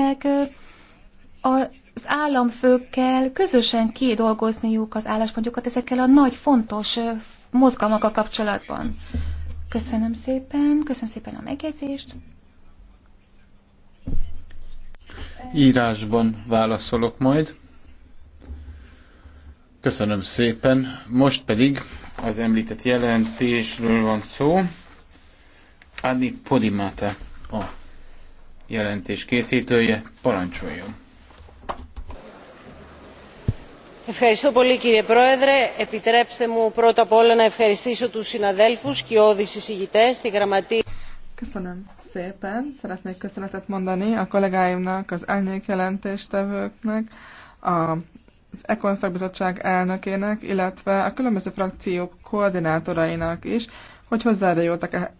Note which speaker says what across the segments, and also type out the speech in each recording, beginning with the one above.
Speaker 1: akiknek az államfőkkel közösen kidolgozniuk az álláspontjukat ezekkel a nagy, fontos mozgalmakkal kapcsolatban. Köszönöm szépen, köszönöm szépen a megjegyzést.
Speaker 2: Írásban válaszolok majd. Köszönöm szépen. Most pedig az említett jelentésről van szó. Adi Podimata a jelentés készítője. Parancsoljon!
Speaker 3: Ευχαριστώ πολύ
Speaker 1: κύριε Πρόεδρε. Επιτρέψτε μου πρώτα απ' όλα να ευχαριστήσω τους συναδέλφους και όδης εισηγητές,
Speaker 3: τη γραμματεία. Köszönöm szépen. Szeretnék köszönetet mondani a kollégáimnak, az elnyék jelentéstevőknek, az Ekonszakbizottság elnökének, illetve a különböző frakciók koordinátorainak is, hogy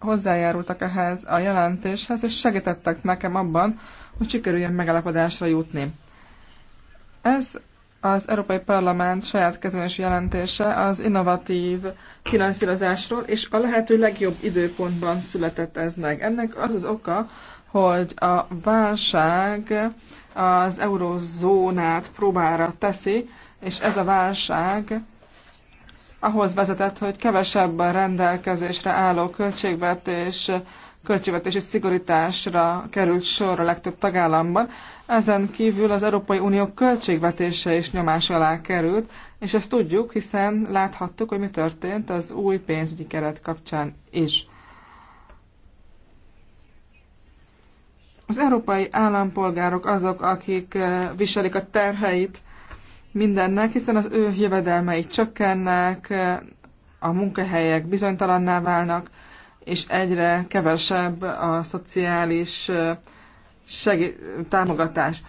Speaker 3: hozzájárultak ehhez a jelentéshez, és segítettek nekem abban, hogy sikerüljön megállapodásra jutni. Ez az Európai Parlament saját kezelési jelentése az innovatív finanszírozásról, és a lehető legjobb időpontban született ez meg. Ennek az az oka, hogy a válság az eurozónát próbára teszi, és ez a válság ahhoz vezetett, hogy kevesebb a rendelkezésre álló költségvetés, költségvetési szigorításra került sor a legtöbb tagállamban. Ezen kívül az Európai Unió költségvetése is nyomás alá került, és ezt tudjuk, hiszen láthattuk, hogy mi történt az új pénzügyi keret kapcsán is. Az európai állampolgárok azok, akik eh, viselik a terheit mindennek, hiszen az ő jövedelmei csökkennek, a munkahelyek bizonytalanná válnak, és egyre kevesebb a szociális segí- támogatás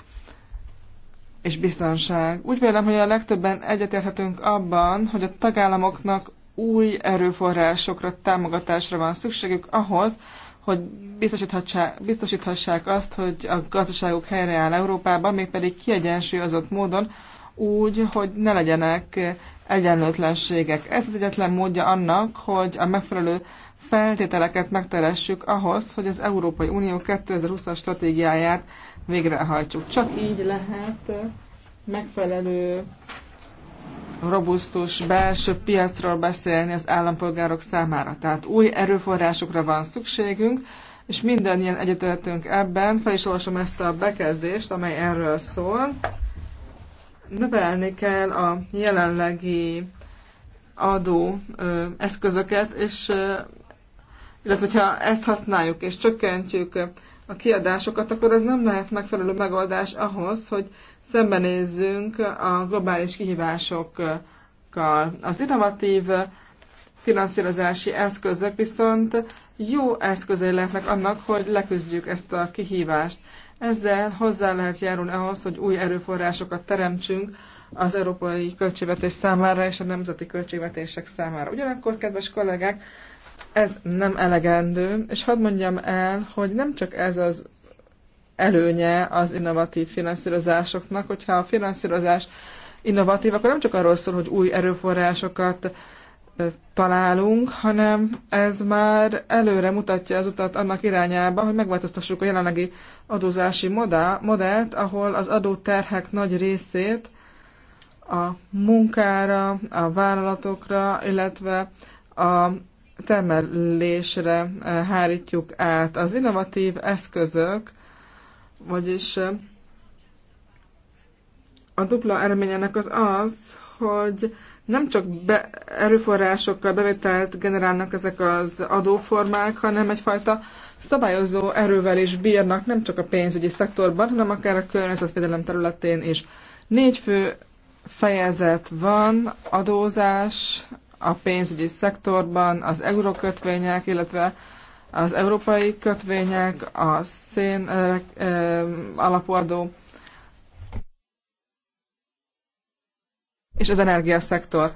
Speaker 3: és biztonság. Úgy vélem, hogy a legtöbben egyetérthetünk abban, hogy a tagállamoknak új erőforrásokra, támogatásra van szükségük ahhoz, hogy biztosíthassák, biztosíthassák azt, hogy a gazdaságuk helyreáll Európában, mégpedig kiegyensúlyozott módon, úgy, hogy ne legyenek egyenlőtlenségek. Ez az egyetlen módja annak, hogy a megfelelő feltételeket megteressük ahhoz, hogy az Európai Unió 2020-as stratégiáját végrehajtsuk. Csak így lehet megfelelő robusztus belső piacról beszélni az állampolgárok számára. Tehát új erőforrásokra van szükségünk, és ilyen egyetértünk ebben. Fel is olvasom ezt a bekezdést, amely erről szól növelni kell a jelenlegi adó ö, eszközöket, és ö, illetve hogyha ezt használjuk és csökkentjük a kiadásokat, akkor ez nem lehet megfelelő megoldás ahhoz, hogy szembenézzünk a globális kihívásokkal. Az innovatív finanszírozási eszközök viszont jó eszközei lehetnek annak, hogy leküzdjük ezt a kihívást. Ezzel hozzá lehet járulni ahhoz, hogy új erőforrásokat teremtsünk az európai költségvetés számára és a nemzeti költségvetések számára. Ugyanakkor, kedves kollégák, ez nem elegendő, és hadd mondjam el, hogy nem csak ez az előnye az innovatív finanszírozásoknak, hogyha a finanszírozás innovatív, akkor nem csak arról szól, hogy új erőforrásokat találunk, hanem ez már előre mutatja az utat annak irányába, hogy megváltoztassuk a jelenlegi adózási modellt, ahol az adóterhek nagy részét a munkára, a vállalatokra, illetve a termelésre eh, hárítjuk át. Az innovatív eszközök, vagyis eh, a dupla eredményenek az az, hogy nem csak be, erőforrásokkal bevételt generálnak ezek az adóformák, hanem egyfajta szabályozó erővel is bírnak, nem csak a pénzügyi szektorban, hanem akár a környezetvédelem területén is. Négy fő fejezet van, adózás a pénzügyi szektorban, az eurókötvények, illetve az európai kötvények, a szén eh, eh, alapú adó, és az energiaszektor.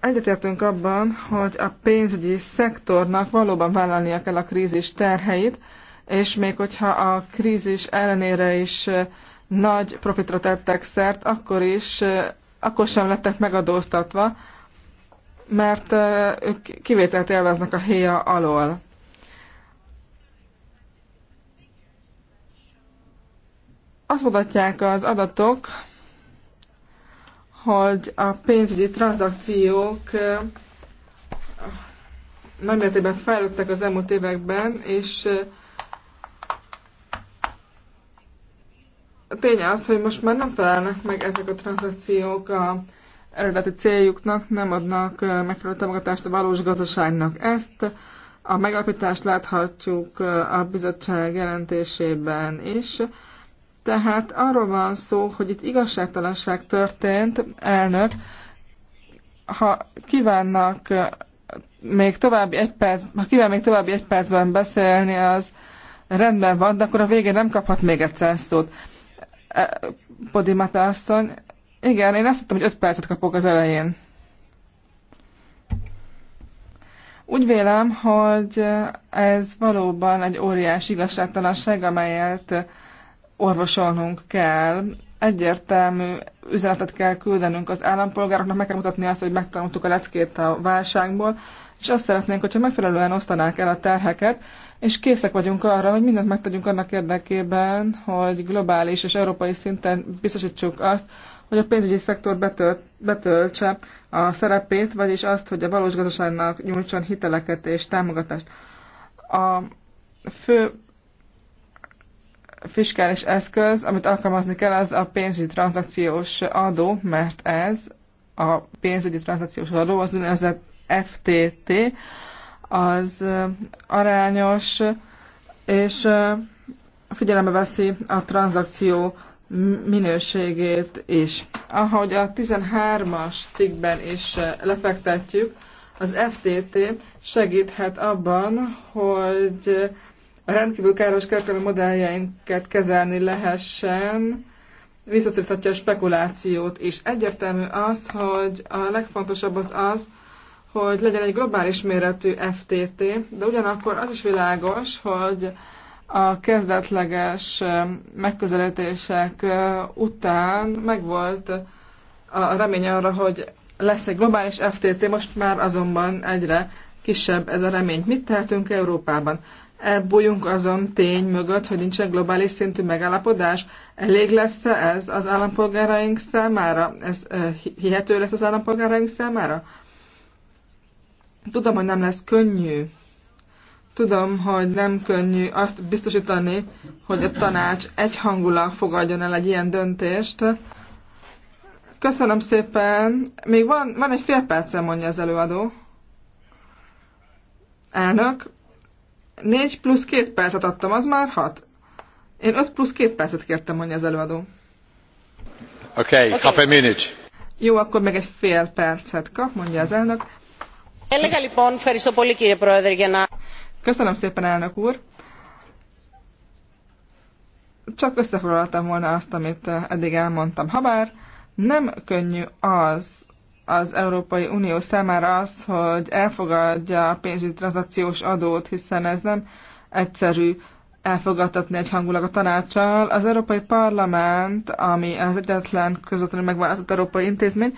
Speaker 3: Egyetértünk abban, hogy a pénzügyi szektornak valóban vállalnia kell a krízis terheit, és még hogyha a krízis ellenére is nagy profitra tettek szert, akkor is, akkor sem lettek megadóztatva, mert ők kivételt élveznek a héja alól. Azt mutatják az adatok, hogy a pénzügyi tranzakciók nagymértékben fejlődtek az elmúlt években, és a tény az, hogy most már nem felelnek meg ezek a tranzakciók a eredeti céljuknak, nem adnak megfelelő támogatást a valós gazdaságnak. Ezt a megalapítást láthatjuk a bizottság jelentésében is. Tehát arról van szó, hogy itt igazságtalanság történt, elnök. Ha kívánnak eh, még további egy perc, ha kíván még további egy percben beszélni, az rendben van, de akkor a végén nem kaphat még egyszer szót. Eh, Podimata asszony, igen, én azt hittem, hogy öt percet kapok az elején. Úgy vélem, hogy ez valóban egy óriás igazságtalanság, amelyet orvosolnunk kell. Egyértelmű üzenetet kell küldenünk az állampolgároknak, meg kell mutatni azt, hogy megtanultuk a leckét a válságból, és azt szeretnénk, hogyha megfelelően osztanák el a terheket, és készek vagyunk arra, hogy mindent megtegyünk annak érdekében, hogy globális és európai szinten biztosítsuk azt, hogy a pénzügyi szektor betölt, betöltse a szerepét, vagyis azt, hogy a valós gazdaságnak nyújtson hiteleket és támogatást. A fő fiskális eszköz, amit alkalmazni kell, az a pénzügyi tranzakciós adó, mert ez a pénzügyi tranzakciós adó, az úgynevezett FTT, az arányos, és figyelembe veszi a tranzakció minőségét is. Ahogy a 13-as cikkben is lefektetjük, az FTT segíthet abban, hogy a rendkívül káros kereskedelmi modelljeinket kezelni lehessen, visszaszoríthatja a spekulációt is. Egyértelmű az, hogy a legfontosabb az az, hogy legyen egy globális méretű FTT, de ugyanakkor az is világos, hogy a kezdetleges megközelítések után megvolt a remény arra, hogy lesz egy globális FTT, most már azonban egyre kisebb ez a remény. Mit tehetünk Európában? Elbújunk azon tény mögött, hogy nincsen globális szintű megállapodás. Elég lesz -e ez az állampolgáraink számára? Ez hihető lesz az állampolgáraink számára? Tudom, hogy nem lesz könnyű. Tudom, hogy nem könnyű azt biztosítani, hogy a tanács egyhangulag fogadjon el egy ilyen döntést. Köszönöm szépen. Még van, van egy fél percem, mondja az előadó. Elnök, 4 plusz 2 percet adtam, az már 6. Én 5 plusz 2 percet kértem, mondja az előadó. Oké, okay, okay. half a minute. Jó, akkor meg egy fél percet kap, mondja az elnök. Köszönöm szépen, elnök úr. Csak összefoglaltam volna azt, amit eddig elmondtam. Habár nem könnyű az, az Európai Unió számára az, hogy elfogadja a pénzügyi tranzakciós adót, hiszen ez nem egyszerű elfogadtatni egy hangulag a tanácssal. Az Európai Parlament, ami az egyetlen közvetlenül megválasztott európai intézmény,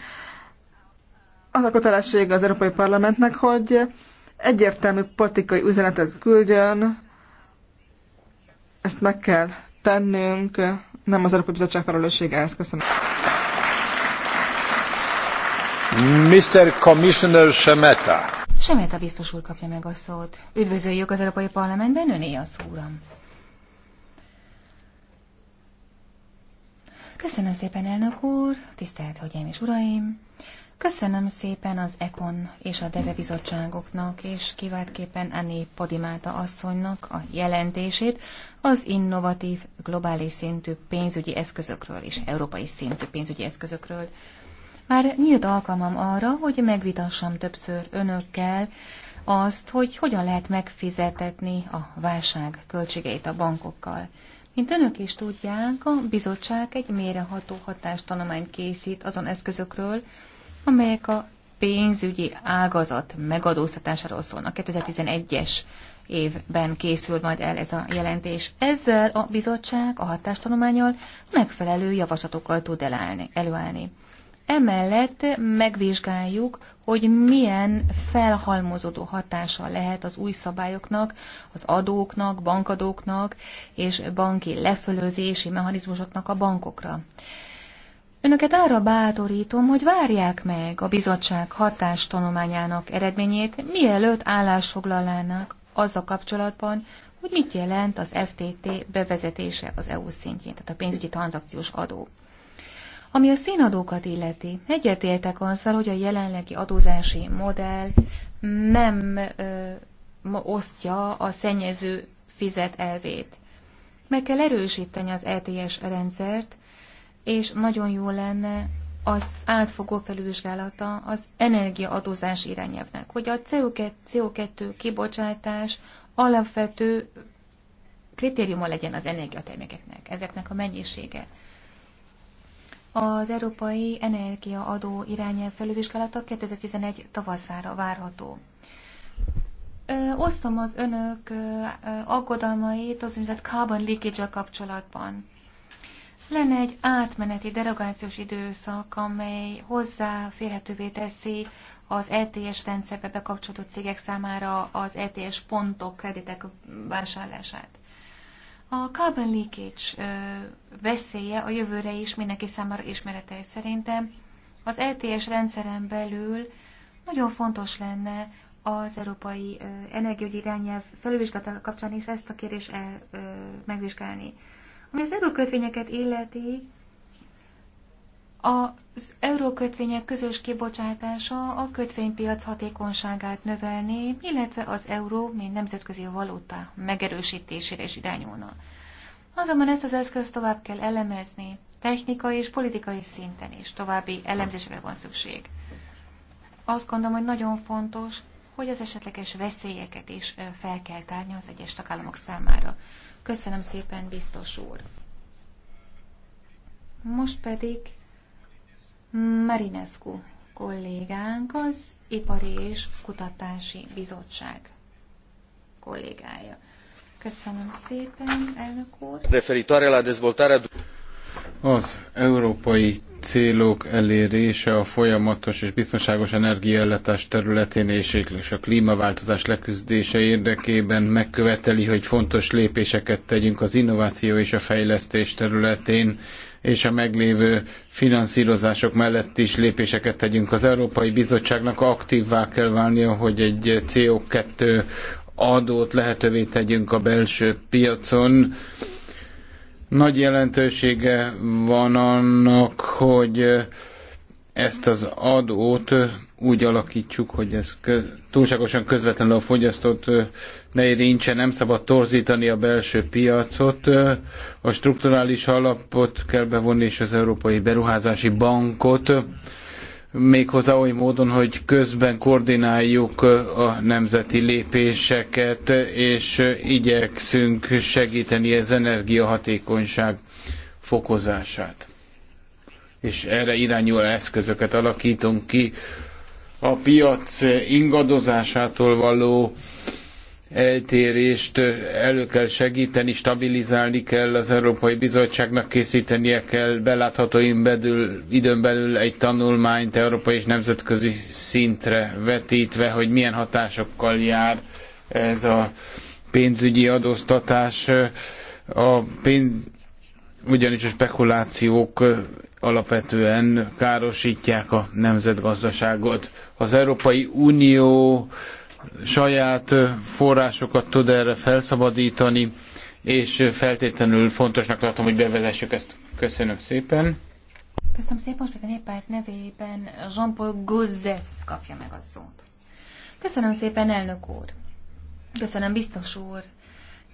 Speaker 3: az a kötelessége az Európai Parlamentnek, hogy egyértelmű politikai üzenetet küldjön, ezt meg kell tennünk, nem az Európai Bizottság felelőssége ezt, Köszönöm.
Speaker 2: Mr. Commissioner Semeta.
Speaker 3: Semeta biztos úr kapja meg a
Speaker 1: szót. Üdvözöljük az Európai Parlamentben, öné a szóram. Köszönöm szépen, elnök úr, tisztelt hölgyeim és uraim! Köszönöm szépen az EKON és a DEVE bizottságoknak, és kiváltképpen Anni Podimáta asszonynak a jelentését az innovatív, globális szintű pénzügyi eszközökről és európai szintű pénzügyi eszközökről. Már nyílt alkalmam arra, hogy megvitassam többször önökkel azt, hogy hogyan lehet megfizetetni a válság költségeit a bankokkal. Mint önök is tudják, a bizottság egy méreható hatástanományt készít azon eszközökről, amelyek a pénzügyi ágazat megadóztatásáról szólnak. 2011-es évben készül majd el ez a jelentés. Ezzel a bizottság a hatástanományal megfelelő javaslatokkal tud elállni, előállni. Emellett megvizsgáljuk, hogy milyen felhalmozódó hatása lehet az új szabályoknak, az adóknak, bankadóknak és banki lefölözési mechanizmusoknak a bankokra. Önöket arra bátorítom, hogy várják meg a bizottság hatástanulmányának eredményét, mielőtt állásfoglalának azzal kapcsolatban, hogy mit jelent az FTT bevezetése az EU szintjén, tehát a pénzügyi tranzakciós adó. Ami a szénadókat illeti, egyetértek azzal, hogy a jelenlegi adózási modell nem ö, osztja a szennyező fizet elvét. Meg kell erősíteni az ETS rendszert, és nagyon jó lenne az átfogó felülvizsgálata az energiaadózás irányelvnek, hogy a CO2, CO2 kibocsátás alapvető kritériuma legyen az energiatermékeknek, ezeknek a mennyisége. Az Európai Energiaadó irányelv felülvizsgálata 2011 tavaszára várható. Osztom az önök aggodalmait az úgynevezett carbon leakage kapcsolatban. Lenne egy átmeneti derogációs időszak, amely hozzáférhetővé teszi az ETS rendszerbe bekapcsolódó cégek számára az ETS pontok, kreditek vásárlását. A carbon leakage veszélye a jövőre is mindenki számára ismeretes szerintem. Az LTS rendszeren belül nagyon fontos lenne az Európai Energiaügyi Irányelv felülvizsgálata kapcsán is ezt a kérdést el, megvizsgálni. Ami az erőkötvényeket illeti, az eurókötvények közös kibocsátása a kötvénypiac hatékonyságát növelni, illetve az euró, mint nemzetközi valuta megerősítésére is irányulna. Azonban ezt az eszközt tovább kell elemezni, technikai és politikai szinten is további elemzésre van szükség. Azt gondolom, hogy nagyon fontos, hogy az esetleges veszélyeket is fel kell tárni az egyes tagállamok számára. Köszönöm szépen, biztos úr! Most pedig Marinescu kollégánk az Ipari és Kutatási Bizottság kollégája. Köszönöm szépen, elnök úr.
Speaker 3: Referitare la dezvoltare...
Speaker 2: Az európai célok elérése a folyamatos és biztonságos energiaellátás területén és a klímaváltozás leküzdése érdekében megköveteli, hogy fontos lépéseket tegyünk az innováció és a fejlesztés területén, és a meglévő finanszírozások mellett is lépéseket tegyünk. Az Európai Bizottságnak aktívvá kell válnia, hogy egy CO2 adót lehetővé tegyünk a belső piacon. Nagy jelentősége van annak, hogy ezt az adót úgy alakítsuk, hogy ez kö, túlságosan közvetlenül a fogyasztót ne érintse, nem szabad torzítani a belső piacot. A strukturális alapot kell bevonni, és az Európai Beruházási Bankot méghozzá oly módon, hogy közben koordináljuk a nemzeti lépéseket, és igyekszünk segíteni az energiahatékonyság fokozását. És erre irányuló eszközöket alakítunk ki, a piac ingadozásától való eltérést elő kell segíteni, stabilizálni kell, az Európai Bizottságnak készítenie kell belátható belül, időn belül egy tanulmányt európai és nemzetközi szintre vetítve, hogy milyen hatásokkal jár ez a pénzügyi adóztatás. A pénz, ugyanis a spekulációk alapvetően károsítják a nemzetgazdaságot. Az Európai Unió saját forrásokat tud erre felszabadítani, és feltétlenül fontosnak tartom, hogy bevezessük ezt. Köszönöm szépen.
Speaker 1: Köszönöm szépen, most a néppárt nevében Jean-Paul Gauzès kapja meg a szót. Köszönöm szépen, elnök úr. Köszönöm, biztos úr.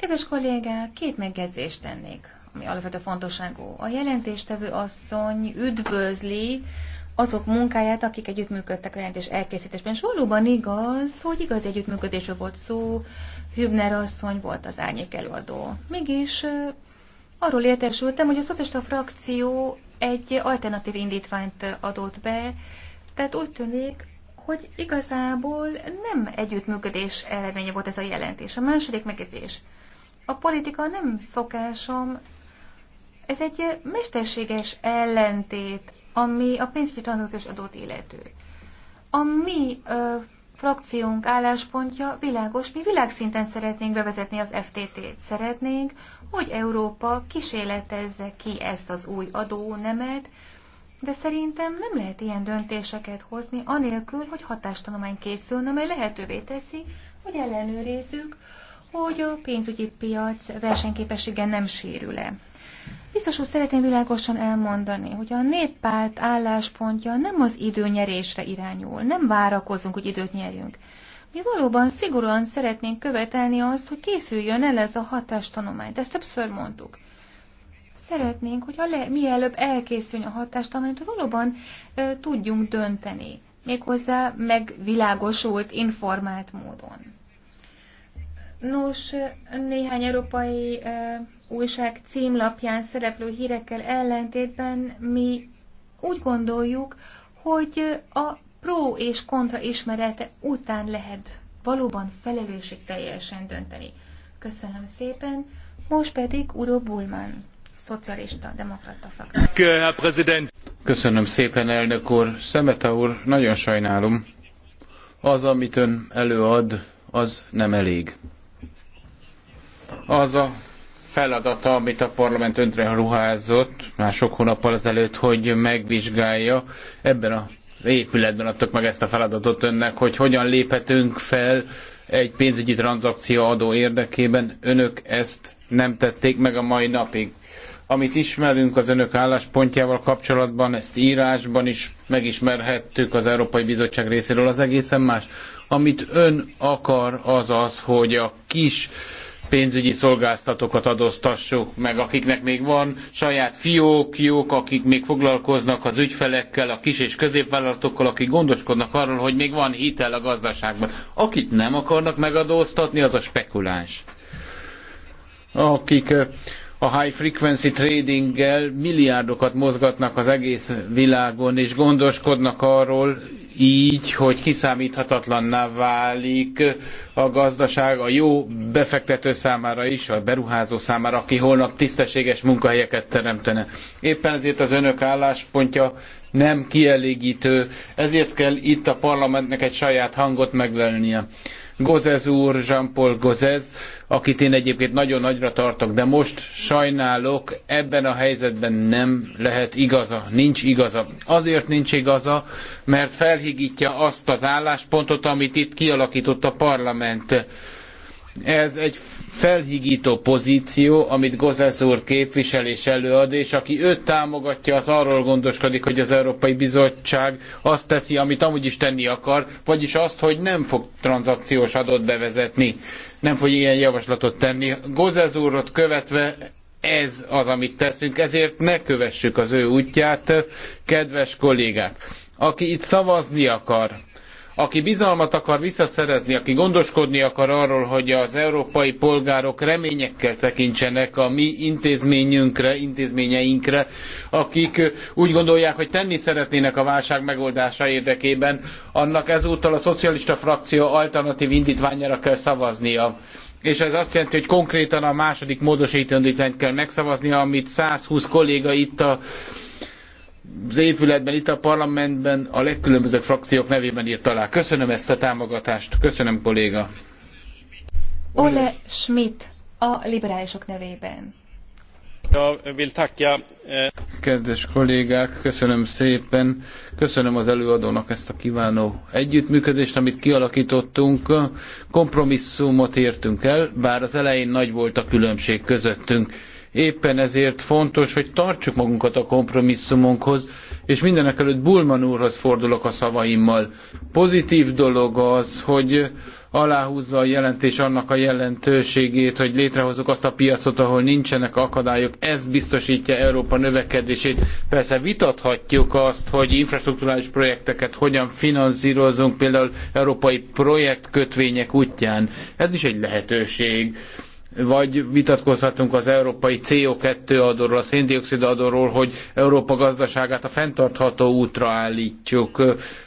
Speaker 1: Kedves kollégák, két megjegyzést tennék ami alapvető fontosságú. A jelentéstevő asszony üdvözli azok munkáját, akik együttműködtek a jelentés elkészítésben. És valóban igaz, hogy igaz együttműködésről volt szó, Hübner asszony volt az árnyék előadó. Mégis arról értesültem, hogy a szocialista frakció egy alternatív indítványt adott be, tehát úgy tűnik, hogy igazából nem együttműködés eredménye volt ez a jelentés. A második megjegyzés. A politika nem szokásom, ez egy mesterséges ellentét, ami a pénzügyi tranzakciós adót illető. A mi ö, frakciónk álláspontja világos, mi világszinten szeretnénk bevezetni az FTT-t. Szeretnénk, hogy Európa kísérletezze ki ezt az új adónemet, de szerintem nem lehet ilyen döntéseket hozni, anélkül, hogy hatástanomány készülne, amely lehetővé teszi, hogy ellenőrizzük, hogy a pénzügyi piac versenyképessége nem sérül-e. Biztos úr, szeretném világosan elmondani, hogy a néppárt álláspontja nem az időnyerésre irányul, nem várakozunk, hogy időt nyerjünk. Mi valóban szigorúan szeretnénk követelni azt, hogy készüljön el ez a De Ezt többször mondtuk. Szeretnénk, hogy a le, mielőbb elkészüljön a hatástanomány, hogy valóban e, tudjunk dönteni. Méghozzá megvilágosult, informált módon. Nos, néhány európai újság címlapján szereplő hírekkel ellentétben mi úgy gondoljuk, hogy a pro és kontra ismerete után lehet valóban teljesen dönteni. Köszönöm szépen. Most pedig Uro Bulman, szocialista, demokrata
Speaker 2: frakció. Köszönöm szépen, elnök úr. Szemeta úr, nagyon sajnálom. Az, amit ön előad, az nem elég az a feladata, amit a parlament öntre ruházott már sok hónappal ezelőtt, hogy megvizsgálja ebben a épületben adtak meg ezt a feladatot önnek, hogy hogyan léphetünk fel egy pénzügyi tranzakció adó érdekében. Önök ezt nem tették meg a mai napig. Amit ismerünk az önök álláspontjával kapcsolatban, ezt írásban is megismerhettük az Európai Bizottság részéről, az egészen más. Amit ön akar, az az, hogy a kis pénzügyi szolgáltatókat adóztassuk meg, akiknek még van saját fiókjuk, akik még foglalkoznak az ügyfelekkel, a kis és középvállalatokkal, akik gondoskodnak arról, hogy még van hitel a gazdaságban. Akit nem akarnak megadóztatni, az a spekuláns akik eh, a high frequency tradinggel milliárdokat mozgatnak az egész világon, és gondoskodnak arról így, hogy kiszámíthatatlanná válik a gazdaság a jó befektető számára is, a beruházó számára, aki holnap tisztességes munkahelyeket teremtene. Éppen ezért az önök álláspontja nem kielégítő, ezért kell itt a parlamentnek egy saját hangot megvelnie. Gozez úr, Jean-Paul Gozez, akit én egyébként nagyon nagyra tartok, de most sajnálok, ebben a helyzetben nem lehet igaza, nincs igaza. Azért nincs igaza, mert felhigítja azt az álláspontot, amit itt kialakított a parlament ez egy felhigító pozíció, amit Gozesz úr képvisel és előad, és aki őt támogatja, az arról gondoskodik, hogy az Európai Bizottság azt teszi, amit amúgy is tenni akar, vagyis azt, hogy nem fog tranzakciós adót bevezetni, nem fog ilyen javaslatot tenni. Gozesz úrot követve ez az, amit teszünk, ezért ne kövessük az ő útját, kedves kollégák. Aki itt szavazni akar, aki bizalmat akar visszaszerezni, aki gondoskodni akar arról, hogy az európai polgárok reményekkel tekintsenek a mi intézményünkre, intézményeinkre, akik úgy gondolják, hogy tenni szeretnének a válság megoldása érdekében, annak ezúttal a szocialista frakció alternatív indítványára kell szavaznia és ez azt jelenti, hogy konkrétan a második módosító indítványt kell megszavaznia, amit 120 kolléga itt a az épületben, itt a parlamentben a legkülönbözőbb frakciók nevében írt alá. Köszönöm ezt a támogatást. Köszönöm, kolléga.
Speaker 1: Ole Schmidt a liberálisok nevében.
Speaker 2: Eh, Kedves kollégák, köszönöm szépen. Köszönöm az előadónak ezt a kiváló együttműködést, amit kialakítottunk. Kompromisszumot értünk el, bár az elején nagy volt a különbség közöttünk Éppen ezért fontos, hogy tartsuk magunkat a kompromisszumunkhoz, és mindenek előtt Bulman úrhoz fordulok a szavaimmal. Pozitív dolog az, hogy aláhúzza a jelentés annak a jelentőségét, hogy létrehozzuk azt a piacot, ahol nincsenek akadályok. Ez biztosítja Európa növekedését. Persze vitathatjuk azt, hogy infrastrukturális projekteket hogyan finanszírozunk, például európai projektkötvények útján. Ez is egy lehetőség vagy vitatkozhatunk az európai CO2 adóról, a széndiokszid adóról, hogy Európa gazdaságát a fenntartható útra állítjuk.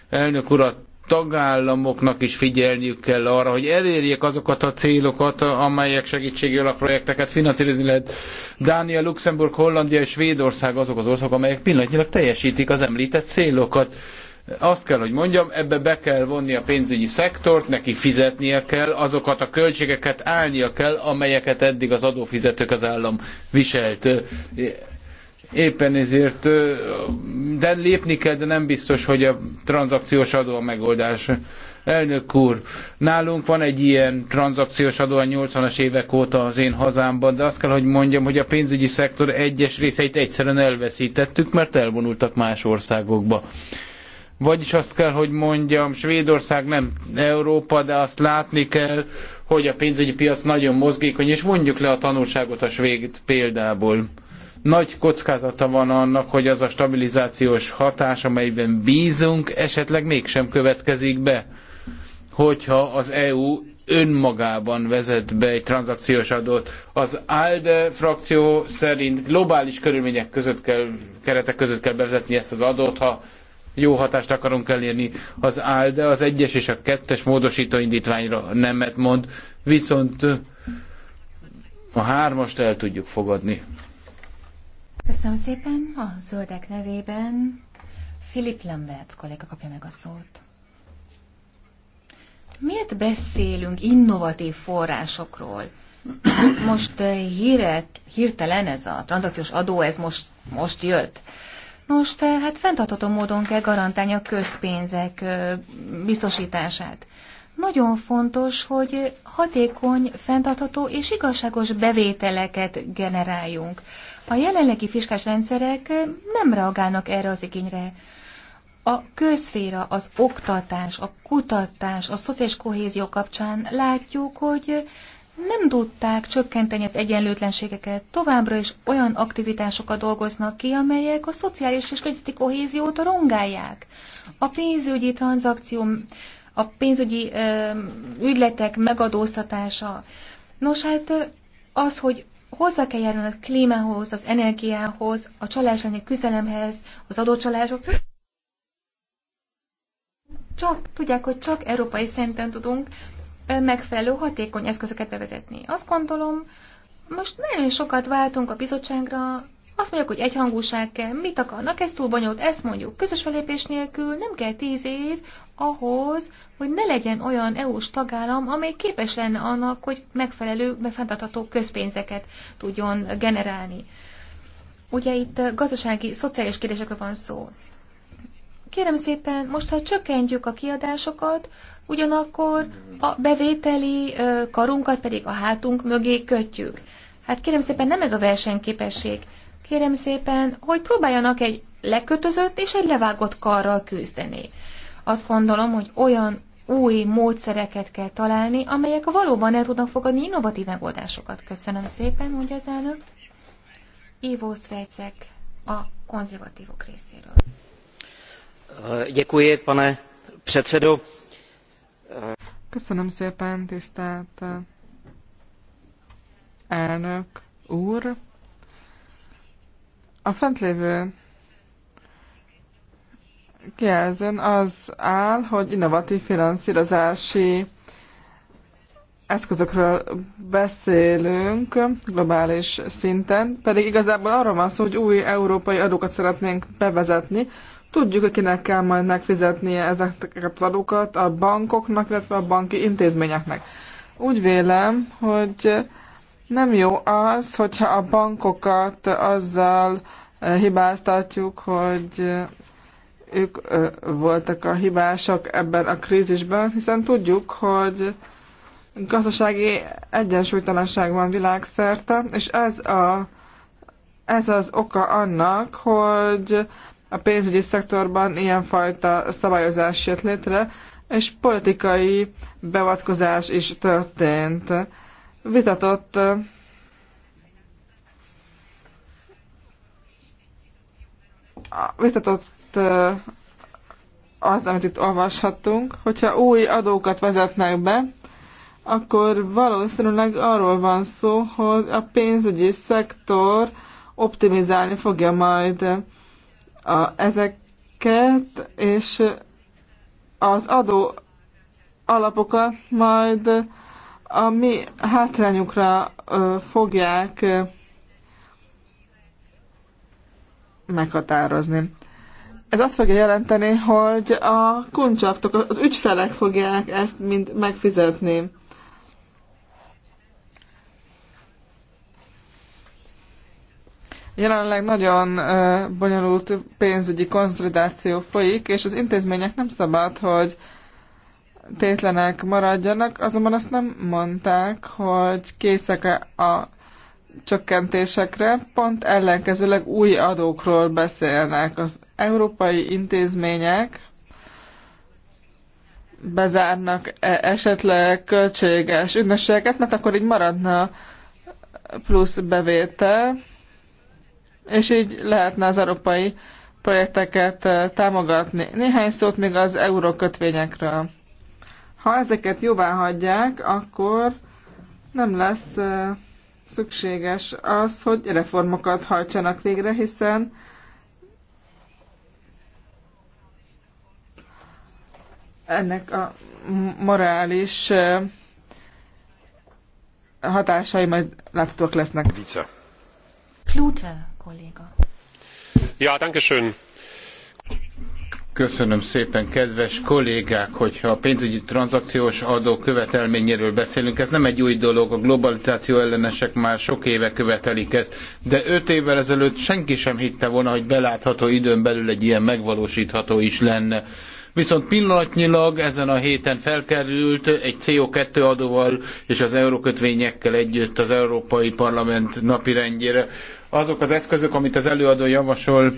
Speaker 2: Elnök urat, tagállamoknak is figyelniük kell arra, hogy elérjék azokat a célokat, amelyek segítségével a projekteket finanszírozni lehet. Dánia, Luxemburg, Hollandia és Svédország azok az országok, amelyek pillanatnyilag teljesítik az említett célokat azt kell, hogy mondjam, ebbe be kell vonni a pénzügyi szektort, neki fizetnie kell, azokat a költségeket állnia kell, amelyeket eddig az adófizetők az állam viselt. Éppen ezért, de lépni kell, de nem biztos, hogy a tranzakciós adó a megoldás. Elnök úr, nálunk van egy ilyen tranzakciós adó a 80-as évek óta az én hazámban, de azt kell, hogy mondjam, hogy a pénzügyi szektor egyes részeit egyszerűen elveszítettük, mert elvonultak más országokba. Vagyis azt kell, hogy mondjam, Svédország nem Európa, de azt látni kell, hogy a pénzügyi piac nagyon mozgékony, és vonjuk le a tanulságot a svéd példából. Nagy kockázata van annak, hogy az a stabilizációs hatás, amelyben bízunk, esetleg mégsem következik be, hogyha az EU önmagában vezet be egy tranzakciós adót. Az ALDE frakció szerint globális körülmények között kell, keretek között kell bevezetni ezt az adót, ha jó hatást akarunk elérni. Az de az egyes és a kettes módosító indítványra nemet mond, viszont a hármast el tudjuk fogadni.
Speaker 1: Köszönöm szépen a zöldek nevében. Filip Lambert kolléga kapja meg a szót. Miért beszélünk innovatív forrásokról? Most eh, híret, hirtelen ez a tranzakciós adó, ez most, most jött. Nos, tehát eh, fenntartható módon kell garantálni a közpénzek eh, biztosítását. Nagyon fontos, hogy hatékony, fenntartható és igazságos bevételeket generáljunk. A jelenlegi fiskás rendszerek eh, nem reagálnak erre az igényre. A közféra, az oktatás, a kutatás, a szociális kohézió kapcsán látjuk, hogy nem tudták csökkenteni az egyenlőtlenségeket, továbbra is olyan aktivitásokat dolgoznak ki, amelyek a szociális és közötti kohéziót rongálják. A pénzügyi tranzakció, a pénzügyi ö, ügyletek megadóztatása. Nos, hát az, hogy hozzá kell járulni a klímához, az energiához, a csalásányi küzdelemhez, az adócsalások. Csak, tudják, hogy csak európai szinten tudunk megfelelő hatékony eszközöket bevezetni. Azt gondolom, most nagyon sokat váltunk a bizottságra, azt mondjuk, hogy egyhangúság kell, mit akarnak, ez túl bonyolult, ezt mondjuk. Közös felépés nélkül nem kell tíz év ahhoz, hogy ne legyen olyan EU-s tagállam, amely képes lenne annak, hogy megfelelő, fenntartható közpénzeket tudjon generálni. Ugye itt gazdasági, szociális kérdésekről van szó. Kérem szépen, most ha csökkentjük a kiadásokat, ugyanakkor a bevételi karunkat pedig a hátunk mögé kötjük. Hát kérem szépen, nem ez a versenyképesség. Kérem szépen, hogy próbáljanak egy lekötözött és egy levágott karral küzdeni. Azt gondolom, hogy olyan új módszereket kell találni, amelyek valóban el tudnak fogadni innovatív megoldásokat. Köszönöm szépen, mondja az elnök. Ivo Strejcek a konzervatívok részéről. Děkuji, pane předsedo
Speaker 3: Köszönöm szépen, tisztelt eh, elnök úr. A lévő kijelzőn az áll, hogy innovatív finanszírozási eszközökről beszélünk globális szinten, pedig igazából arról van szó, hogy új európai adókat szeretnénk bevezetni, Tudjuk, hogy kinek kell majd megfizetnie ezeket az adókat a bankoknak, illetve a banki intézményeknek. Úgy vélem, hogy nem jó az, hogyha a bankokat azzal eh, hibáztatjuk, hogy eh, ők eh, voltak a hibások ebben a krízisben, hiszen tudjuk, hogy gazdasági egyensúlytalanság van világszerte, és ez, a, ez az oka annak, hogy a pénzügyi szektorban ilyenfajta szabályozás jött létre, és politikai beavatkozás is történt. Vitatott vitatott az, amit itt olvashattunk, hogyha új adókat vezetnek be, akkor valószínűleg arról van szó, hogy a pénzügyi szektor optimizálni fogja majd a, ezeket, és az adó alapokat majd a mi hátrányukra ö, fogják ö, meghatározni. Ez azt fogja jelenteni, hogy a kuncsaftok, az ügyfelek fogják ezt mind megfizetni. Jelenleg nagyon bonyolult pénzügyi konszolidáció folyik, és az intézmények nem szabad, hogy tétlenek maradjanak, azonban azt nem mondták, hogy készek -e a csökkentésekre, pont ellenkezőleg új adókról beszélnek. Az európai intézmények bezárnak -e esetleg költséges ügynökségeket, mert akkor így maradna plusz bevétel, és így lehetne az európai projekteket támogatni. Néhány szót még az eurókötvényekről. Ha ezeket jóvá hagyják, akkor nem lesz szükséges az, hogy reformokat hajtsanak végre, hiszen ennek a morális hatásai majd láthatók lesznek.
Speaker 1: Klute.
Speaker 2: Ja, Köszönöm szépen, kedves kollégák, hogyha a pénzügyi tranzakciós adó követelményéről beszélünk, ez nem egy új dolog, a globalizáció ellenesek már sok éve követelik ezt, de öt évvel ezelőtt senki sem hitte volna, hogy belátható időn belül egy ilyen megvalósítható is lenne. Viszont pillanatnyilag ezen a héten felkerült egy CO2 adóval és az eurókötvényekkel együtt az Európai Parlament napirendjére azok az eszközök, amit az előadó javasol,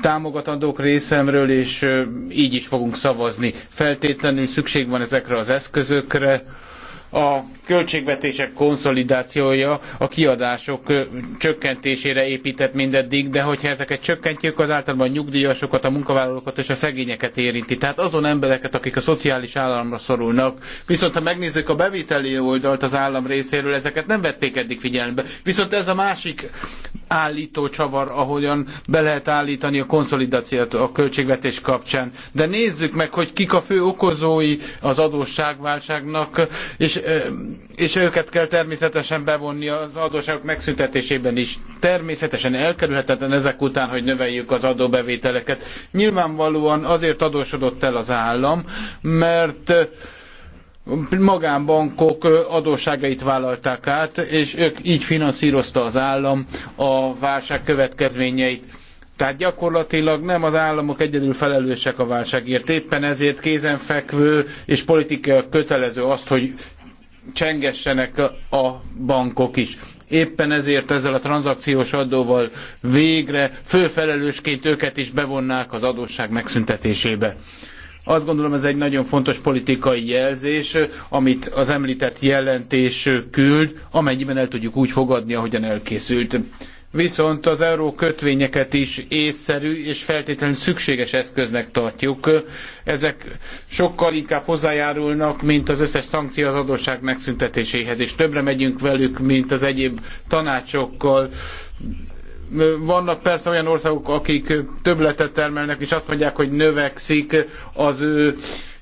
Speaker 2: támogatandók részemről, és így is fogunk szavazni. Feltétlenül szükség van ezekre az eszközökre, a költségvetések konszolidációja a kiadások csökkentésére épített mindeddig, de hogyha ezeket csökkentjük, az általában a nyugdíjasokat, a munkavállalókat és a szegényeket érinti. Tehát azon embereket, akik a szociális államra szorulnak. Viszont ha megnézzük a bevételi oldalt az állam részéről, ezeket nem vették eddig figyelembe. Viszont ez a másik állító csavar, ahogyan be lehet állítani a konszolidációt a költségvetés kapcsán. De nézzük meg, hogy kik a fő okozói az adósságválságnak, és, és őket kell természetesen bevonni az adósságok megszüntetésében is. Természetesen elkerülhetetlen ezek után, hogy növeljük az adóbevételeket. Nyilvánvalóan azért adósodott el az állam, mert magánbankok adósságait vállalták át, és ők így finanszírozta az állam a válság következményeit. Tehát gyakorlatilag nem az államok egyedül felelősek a válságért. Éppen ezért kézenfekvő és politikai kötelező azt, hogy csengessenek a bankok is. Éppen ezért ezzel a tranzakciós adóval végre főfelelősként őket is bevonnák az adósság megszüntetésébe. Azt gondolom ez egy nagyon fontos politikai jelzés, amit az említett jelentés küld, amennyiben el tudjuk úgy fogadni, ahogyan elkészült. Viszont az euró kötvényeket is észszerű és feltétlenül szükséges eszköznek tartjuk. Ezek sokkal inkább hozzájárulnak, mint az összes szankció az adósság megszüntetéséhez, és többre megyünk velük, mint az egyéb tanácsokkal vannak persze olyan országok, akik többletet termelnek, és azt mondják, hogy növekszik az ő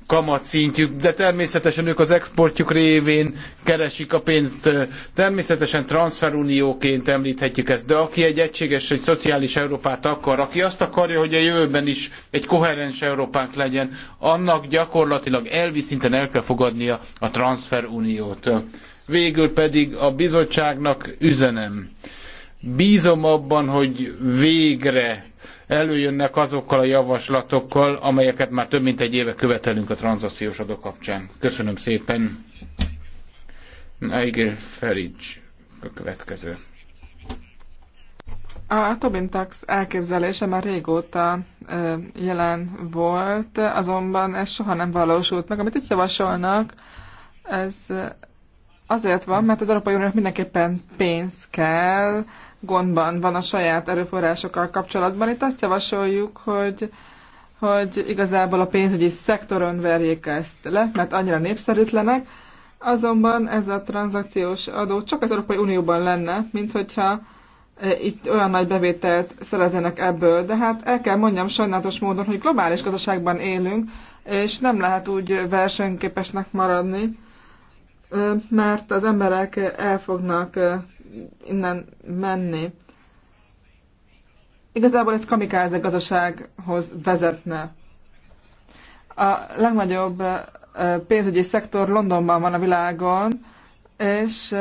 Speaker 2: kamatszintjük, de természetesen ők az exportjuk révén keresik a pénzt. Természetesen transferunióként említhetjük ezt, de aki egy egységes, egy szociális Európát akar, aki azt akarja, hogy a jövőben is egy koherens Európánk legyen, annak gyakorlatilag elvi szinten el kell fogadnia a transferuniót. Végül pedig a bizottságnak üzenem. Bízom abban, hogy végre előjönnek azokkal a javaslatokkal, amelyeket már több mint egy éve követelünk a tranzakciós adó kapcsán. Köszönöm szépen. Nigel Ferics a következő.
Speaker 3: A Tobin Tax elképzelése már régóta jelen volt, azonban ez soha nem valósult meg. Amit itt javasolnak, ez Azért van, mert az Európai Uniónak mindenképpen pénz kell, gondban van a saját erőforrásokkal kapcsolatban. Itt azt javasoljuk, hogy, hogy igazából a pénzügyi szektoron verjék ezt le, mert annyira népszerűtlenek, azonban ez a tranzakciós adó csak az Európai Unióban lenne, mint hogyha e, itt olyan nagy bevételt szerezzenek ebből, de hát el kell mondjam sajnálatos módon, hogy globális gazdaságban élünk, és nem lehet úgy versenyképesnek maradni, mert az emberek el fognak innen menni. Igazából ez kamikáze gazdasághoz vezetne. A legnagyobb pénzügyi szektor Londonban van a világon, és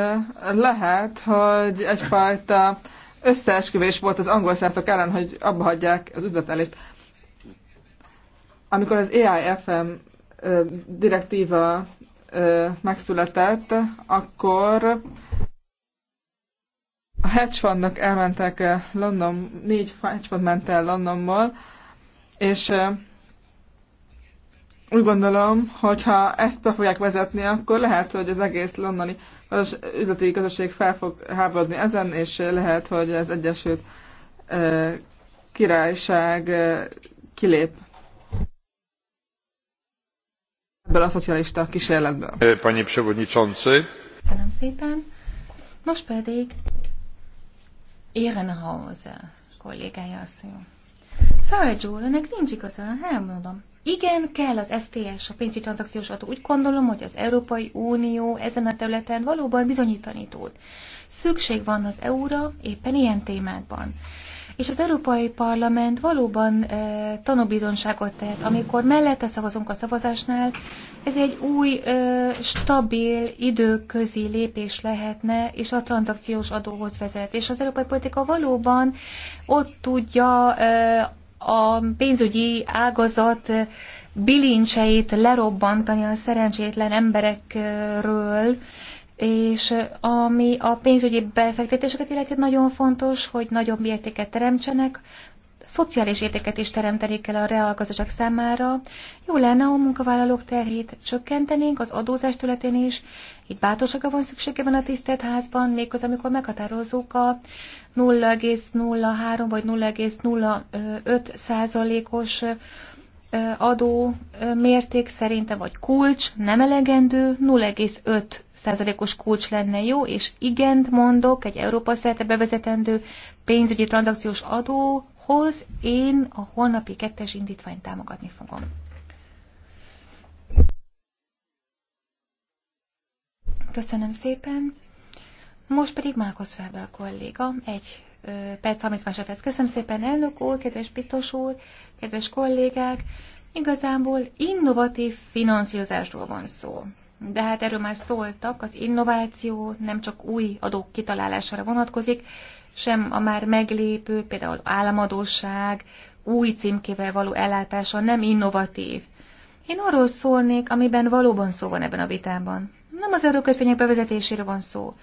Speaker 3: lehet, hogy egyfajta összeesküvés volt az angol szászok ellen, hogy abba hagyják az üzletelést. Amikor az AIFM direktíva megszületett, akkor a hedge elmentek London, négy hedge fund ment el Londonból, és úgy gondolom, hogy ha ezt be fogják vezetni, akkor lehet, hogy az egész londoni az üzleti közösség fel fog háborodni ezen, és lehet, hogy az Egyesült Királyság kilép ebből a szocialista kísérletből.
Speaker 2: E, panie Przewodniczący.
Speaker 1: Köszönöm szépen. Most pedig Ehrenhauser kollégája asszony. Farage úr, önnek nincs igaza, elmondom. Igen, kell az FTS, a pénzügyi tranzakciós adó. Úgy gondolom, hogy az Európai Unió ezen a területen valóban bizonyítani tud. Szükség van az EU-ra éppen ilyen témákban és az Európai Parlament valóban e, tanúbizonságot tehet. Amikor mellette szavazunk a szavazásnál, ez egy új, e, stabil, időközi lépés lehetne, és a tranzakciós adóhoz vezet. És az európai politika valóban ott tudja e, a pénzügyi ágazat bilincseit lerobbantani a szerencsétlen emberekről, és ami a pénzügyi befektetéseket illeti, nagyon fontos, hogy nagyobb értéket teremtsenek, szociális értéket is teremtenék el a reálgazdaság számára. Jó lenne, ha a munkavállalók terhét csökkentenénk az adózás területén is. Itt bátorsága van szükségében a tisztelt házban, méghozzá amikor meghatározzuk a 0,03 vagy 0,05 százalékos adó mérték szerinte, vagy kulcs nem elegendő, 0,5%-os kulcs lenne jó, és igent mondok egy Európa szerte bevezetendő pénzügyi tranzakciós adóhoz, én a holnapi kettes indítványt támogatni fogom. Köszönöm szépen. Most pedig Márkusz Fábel kolléga egy perc, 30 másodperc. Köszönöm szépen, elnök úr, kedves biztos úr, kedves kollégák. Igazából innovatív finanszírozásról van szó. De hát erről már szóltak, az innováció nem csak új adók kitalálására vonatkozik, sem a már meglépő, például államadóság, új címkével való ellátása nem innovatív. Én arról szólnék, amiben valóban szó van ebben a vitában. Nem az eurókötvények bevezetéséről van szó.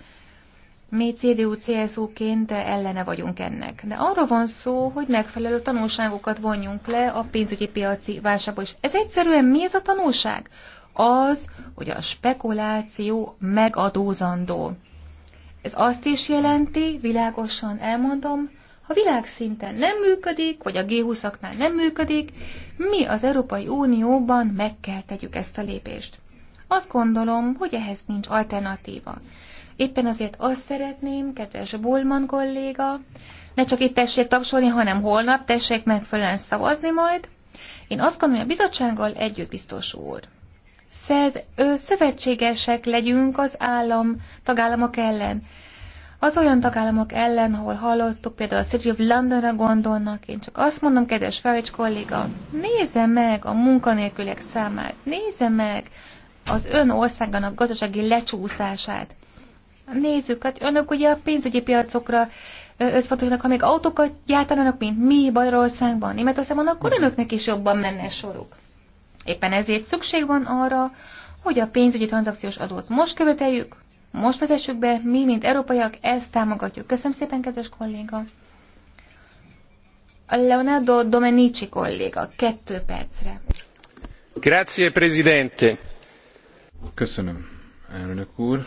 Speaker 1: Mi CDU-CSU-ként ellene vagyunk ennek. De arra van szó, hogy megfelelő tanulságokat vonjunk le a pénzügyi piaci válságból is. Ez egyszerűen mi ez a tanulság? Az, hogy a spekuláció megadózandó. Ez azt is jelenti, világosan elmondom, ha világszinten nem működik, vagy a G20-aknál nem működik, mi az Európai Unióban meg kell tegyük ezt a lépést. Azt gondolom, hogy ehhez nincs alternatíva. Éppen azért azt szeretném, kedves Bulman kolléga, ne csak itt tessék tapsolni, hanem holnap tessék megfelelően szavazni majd. Én azt gondolom, hogy a bizottsággal együtt biztos úr. Szerz, ö, szövetségesek legyünk az állam, tagállamok ellen. Az olyan tagállamok ellen, ahol hallottuk, például a City of Londonra gondolnak, én csak azt mondom, kedves Farage kolléga, nézze meg a munkanélküliek számát, nézze meg az ön országának gazdasági lecsúszását. Nézzük, hát önök ugye a pénzügyi piacokra összpontosnak, ha még autókat gyártanának, mint mi Bajorországban, Németországban, akkor önöknek is jobban menne soruk. Éppen ezért szükség van arra, hogy a pénzügyi tranzakciós adót most követeljük, most vezessük be, mi, mint európaiak, ezt támogatjuk. Köszönöm szépen, kedves kolléga! A Leonardo Domenici kolléga, kettő percre.
Speaker 2: Grazie, Presidente. Köszönöm, elnök úr.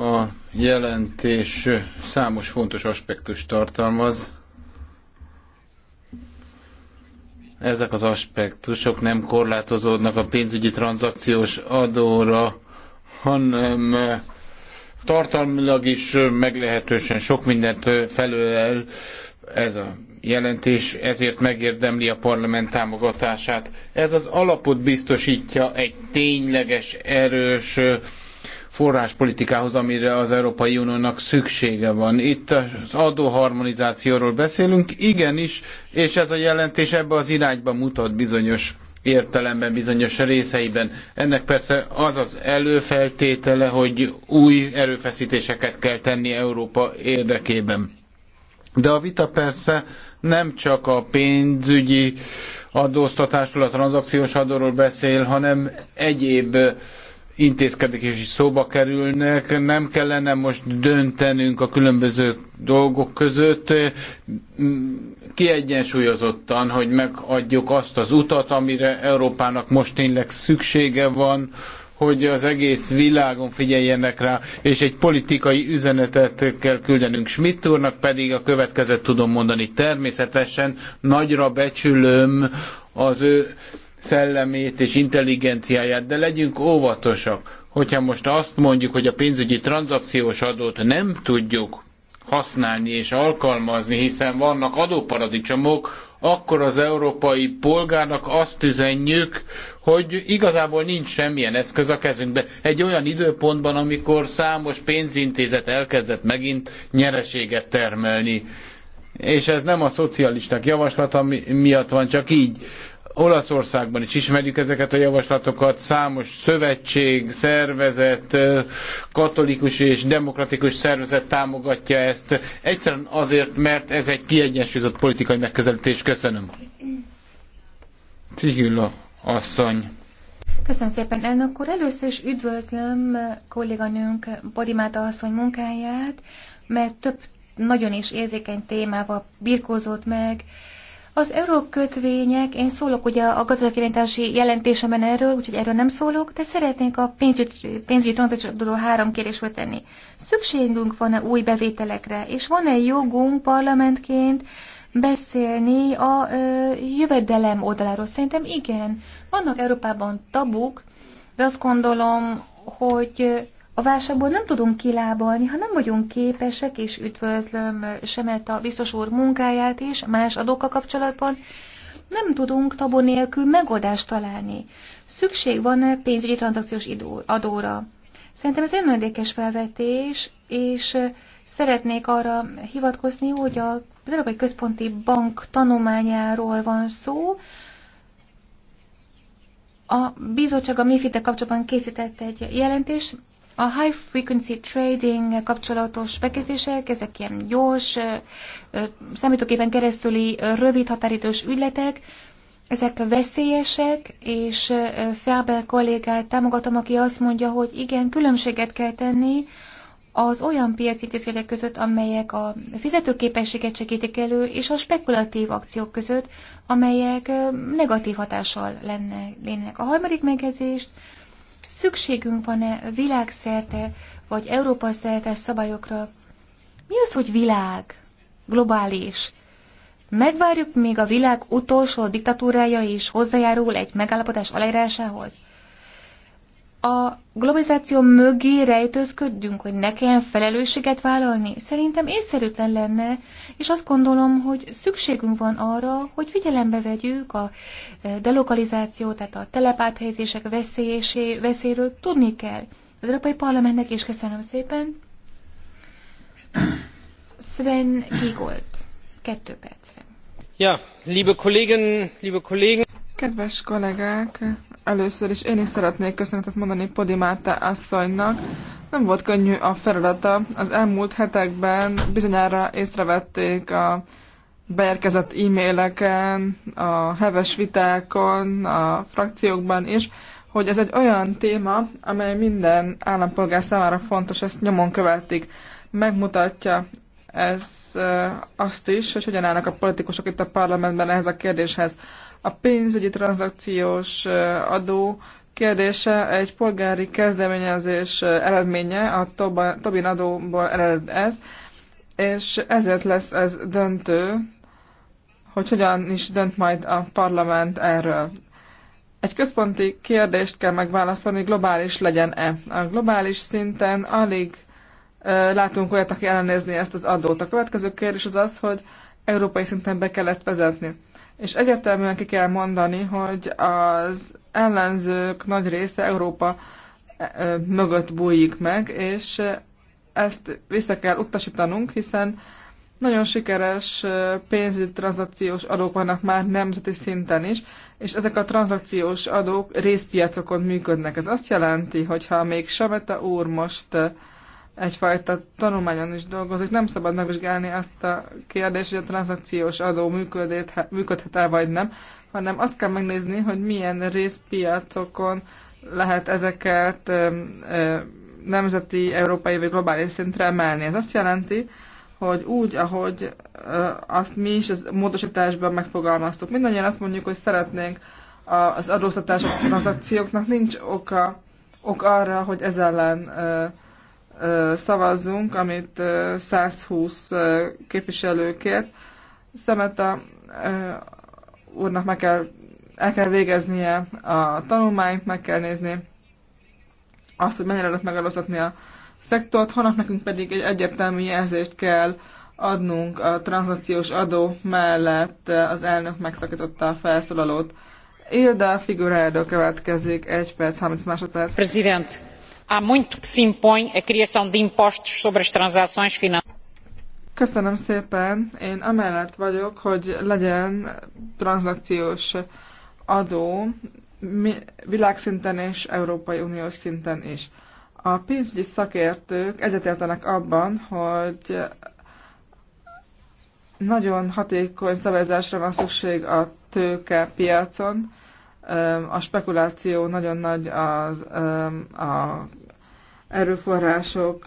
Speaker 2: A jelentés számos fontos aspektust tartalmaz. Ezek az aspektusok nem korlátozódnak a pénzügyi tranzakciós adóra, hanem tartalmilag is meglehetősen sok mindent felölel ez a jelentés, ezért megérdemli a parlament támogatását. Ez az alapot biztosítja egy tényleges, erős forráspolitikához, amire az Európai Uniónak szüksége van. Itt az adóharmonizációról beszélünk, igenis, és ez a jelentés ebbe az irányba mutat bizonyos értelemben, bizonyos részeiben. Ennek persze az az előfeltétele, hogy új erőfeszítéseket kell tenni Európa érdekében. De a vita persze nem csak a pénzügyi adóztatásról, a tranzakciós adóról beszél, hanem egyéb intézkedések is szóba kerülnek. Nem kellene most döntenünk a különböző dolgok között kiegyensúlyozottan, hogy megadjuk azt az utat, amire Európának most tényleg szüksége van, hogy az egész világon figyeljenek rá, és egy politikai üzenetet kell küldenünk Schmidt úrnak, pedig a következőt tudom mondani. Természetesen nagyra becsülöm az ő szellemét és intelligenciáját, de legyünk óvatosak, hogyha most azt mondjuk, hogy a pénzügyi tranzakciós adót nem tudjuk használni és alkalmazni, hiszen vannak adóparadicsomok, akkor az európai polgárnak azt üzenjük, hogy igazából nincs semmilyen eszköz a kezünkben. Egy olyan időpontban, amikor számos pénzintézet elkezdett megint nyereséget termelni. És ez nem a szocialisták javaslata miatt van, csak így Olaszországban is ismerjük ezeket a javaslatokat, számos szövetség, szervezet, katolikus és demokratikus szervezet támogatja ezt. Egyszerűen azért, mert ez egy kiegyensúlyozott politikai megközelítés. Köszönöm. Cigilla asszony.
Speaker 1: Köszönöm szépen, elnök úr. Először is üdvözlöm kolléganőnk Bodimáta asszony munkáját, mert több nagyon is érzékeny témával birkózott meg, az eurókötvények, én szólok ugye a gazdaságirányítási jelentésemben erről, úgyhogy erről nem szólok, de szeretnénk a pénzügy, pénzügyi tranzakcióról három kérdést tenni. Szükségünk van-e új bevételekre, és van-e jogunk parlamentként beszélni a ö, jövedelem oldaláról? Szerintem igen. Vannak Európában tabuk, de azt gondolom, hogy a válságból nem tudunk kilábalni, ha nem vagyunk képesek, és üdvözlöm Semet a biztos úr munkáját is, más adóka kapcsolatban, nem tudunk tabu nélkül megoldást találni. Szükség van pénzügyi tranzakciós adóra. Szerintem ez egy nagyon érdekes felvetés, és szeretnék arra hivatkozni, hogy az Európai Központi Bank tanulmányáról van szó. A bizottság a mifid kapcsolatban készített egy jelentést, a high frequency trading kapcsolatos bekezdések, ezek ilyen gyors, számítógépen keresztüli rövid határidős ügyletek, ezek veszélyesek, és Ferber kollégát támogatom, aki azt mondja, hogy igen, különbséget kell tenni az olyan piaci intézkedek között, amelyek a fizetőképességet segítik elő, és a spekulatív akciók között, amelyek negatív hatással lenne, lennének. A harmadik megjegyzést, Szükségünk van-e világszerte vagy Európa szerte szabályokra? Mi az, hogy világ? Globális. Megvárjuk, még a világ utolsó diktatúrája is hozzájárul egy megállapodás aláírásához? a globalizáció mögé rejtőzködjünk, hogy ne kelljen felelősséget vállalni? Szerintem észszerűtlen lenne, és azt gondolom, hogy szükségünk van arra, hogy figyelembe vegyük a e, delokalizáció, tehát a telepáthelyzések veszélyéről tudni kell. Az Európai Parlamentnek is köszönöm szépen.
Speaker 3: Sven Gigolt, kettő percre.
Speaker 2: Ja, liebe Kollegen,
Speaker 3: liebe Kollegen. Kedves kollégák, Először is én is szeretnék köszönetet mondani Podimáta asszonynak. Nem volt könnyű a feladata. Az elmúlt hetekben bizonyára észrevették a beérkezett e-maileken, a heves vitákon, a frakciókban is, hogy ez egy olyan téma, amely minden állampolgár számára fontos, ezt nyomon követik. Megmutatja ez azt is, hogy hogyan állnak a politikusok itt a parlamentben ehhez a kérdéshez. A pénzügyi tranzakciós adó kérdése egy polgári kezdeményezés eredménye, a Tobin adóból ered ez, és ezért lesz ez döntő, hogy hogyan is dönt majd a parlament erről. Egy központi kérdést kell megválaszolni, globális legyen-e. A globális szinten alig látunk olyat, aki ellenézni ezt az adót. A következő kérdés az az, hogy európai szinten be kell ezt vezetni. És egyértelműen ki kell mondani, hogy az ellenzők nagy része Európa mögött bújik meg, és ezt vissza kell utasítanunk, hiszen nagyon sikeres pénzügyi tranzakciós adók vannak már nemzeti szinten is, és ezek a tranzakciós adók részpiacokon működnek. Ez azt jelenti, hogy ha még Semeta úr most egyfajta tanulmányon is dolgozik. Nem szabad megvizsgálni azt a kérdést, hogy a tranzakciós adó működhet-e vagy nem, hanem azt kell megnézni, hogy milyen részpiacokon lehet ezeket nemzeti, európai vagy globális szintre emelni. Ez azt jelenti, hogy úgy, ahogy azt mi is az módosításban megfogalmaztuk. Mindannyian azt mondjuk, hogy szeretnénk az adóztatások, tranzakcióknak nincs oka, ok arra, hogy ez ellen szavazzunk, amit 120 képviselőkért. a úrnak meg kell, el kell végeznie a tanulmányt, meg kell nézni azt, hogy mennyire lehet megalózatni a szektort, hanem nekünk pedig egy egyértelmű jelzést kell adnunk a tranzakciós adó mellett az elnök megszakította a felszólalót. Ilda Figurádo következik, 1 perc, 30 másodperc. Prezident, há muito que se impõe a criação de impostos sobre as transações financeiras. Köszönöm szépen. Én amellett vagyok, hogy legyen tranzakciós adó világszinten és Európai Uniós szinten is. A pénzügyi szakértők egyetértenek abban, hogy nagyon hatékony szabályozásra van szükség a tőke piacon, a spekuláció nagyon nagy az a erőforrások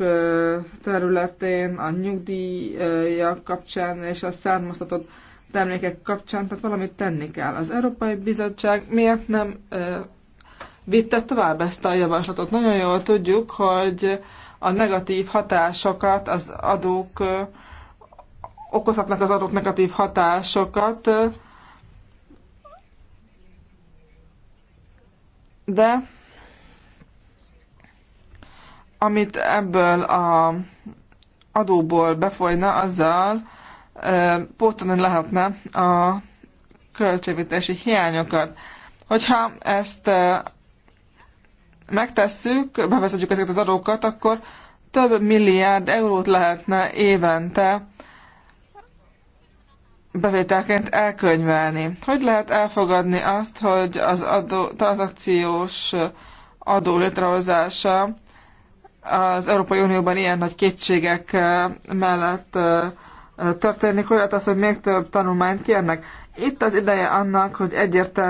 Speaker 3: területén, a nyugdíjak kapcsán és a származtatott termékek kapcsán, tehát valamit tenni kell. Az Európai Bizottság miért nem vitte tovább ezt a javaslatot? Nagyon jól tudjuk, hogy a negatív hatásokat az adók okozhatnak az adók negatív hatásokat, De amit ebből a adóból befolyna, azzal e, pótolni lehetne a költségvetési hiányokat. Hogyha ezt e, megtesszük, bevezetjük ezeket az adókat, akkor több milliárd eurót lehetne évente bevételként elkönyvelni. Hogy lehet elfogadni azt, hogy az adó, tranzakciós adó létrehozása az Európai Unióban ilyen nagy kétségek eh, mellett eh, történik, hogy lehet az, hogy még több tanulmányt kérnek. Itt az ideje annak, hogy egyértelmű